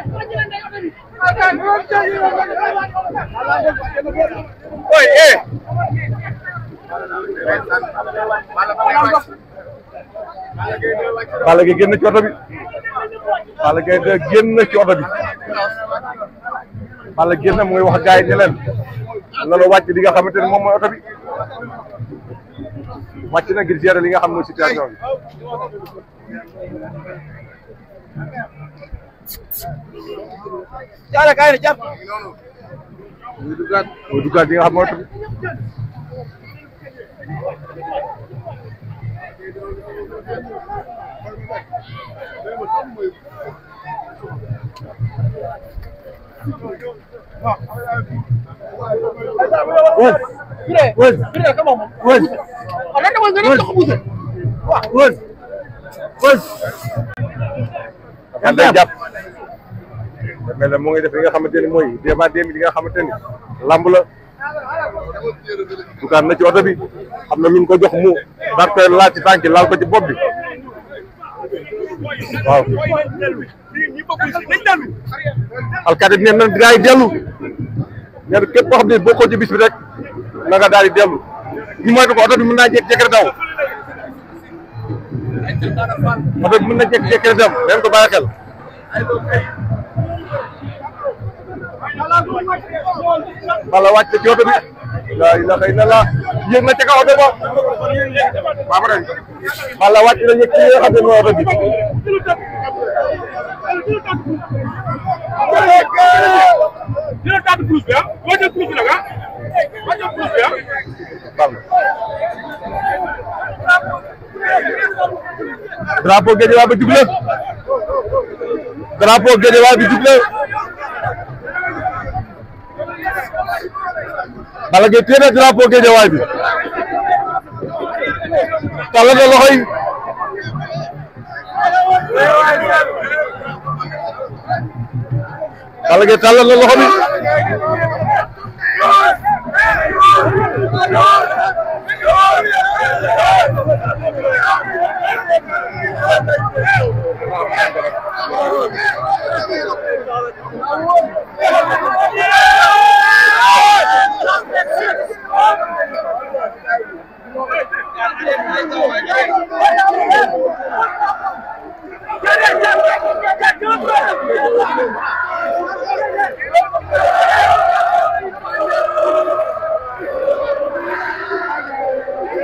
Oy, eh. Balla Gaye génn ci oto bi Balla Gaye génn ci oto bi Balla Gaye génn mu ngi wax gaay yi ne leen loolu wàcc li nga xamante ne moom mooy oto bi wàcc na ngir gérer li nga xam mooy situation bi jaara kaay rek jàpp. muy dugaat muy dugaat bi nga xam moom wëz. wëz wëz wëz. wëz wëz. dafa jàpp. mel ne mu ngi def li nga xamante ni mooy débat démb li nga xamante ni lamb la dugaat na ci oto bi am na luñ ko jox mu daal koy laal laal ko ci bopp bi waaw alkaati bi nee na gaa yi dellu nee na képp koo xam ne bokkoo ci bis bi rek na nga daal di dellu ñu moytu ko oto bi mën naa jékki-jékki rek daw oto bi mën na jékki-jékki rek daw leen ko bàyyi xel bala wàcc ci oto bi laa ilaha illallah yéeg na ca kaw oto ba baba bala wàcc na yëg ci nga xam ne mooy oto bi drapeau Guédiawaye bi jublu drapeau Guédiawaye bi jublu Balla Gaye téye na drapeau Guédiawaye bi tàllal na loxo yi Balla Gaye tàllal na loxo bi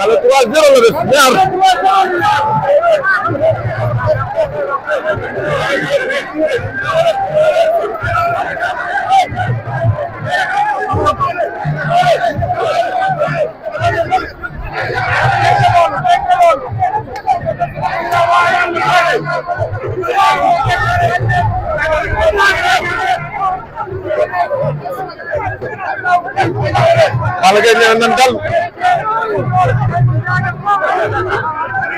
wala 3-0 la def ñaar Balla Gaye nee na nan dal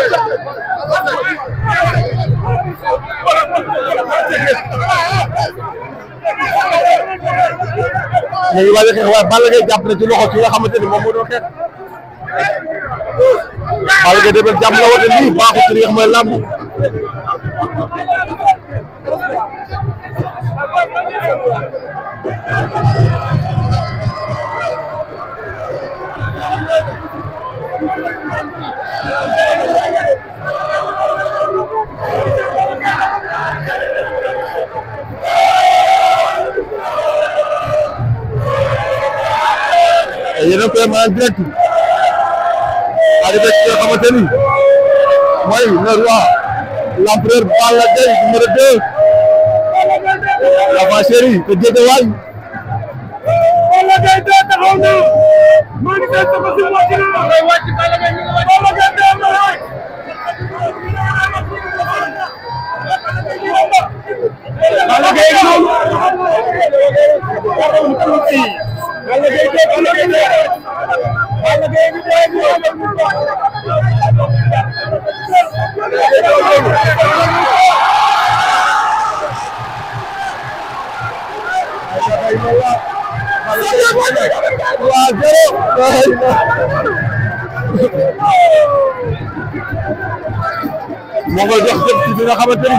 ñu ngi waaj a waaye Balla Gaye jàpp na ci loxo ki a xamante ni moom moo doon xeex Balla Gaye demel jàmm la woote lii baaxul ci li nga xam ne yéen a koy am en direct avec ki nga xamante ni mooy le roi l'empereur Balla Gaye te jege waay. Balla Gaye na maa ngi koy sama si wàcc Mongol Jackson dina xamante ni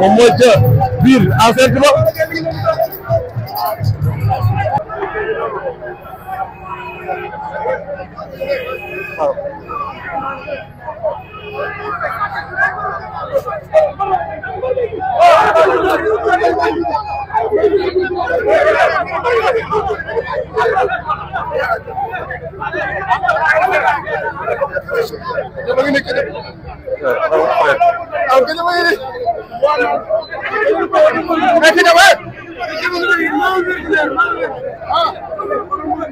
moom mooy ca biir enceinte ba waaw.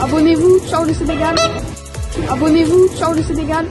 Abonnez-vous, ciao le Sénégal. Abonnez-vous, ciao le Sénégal.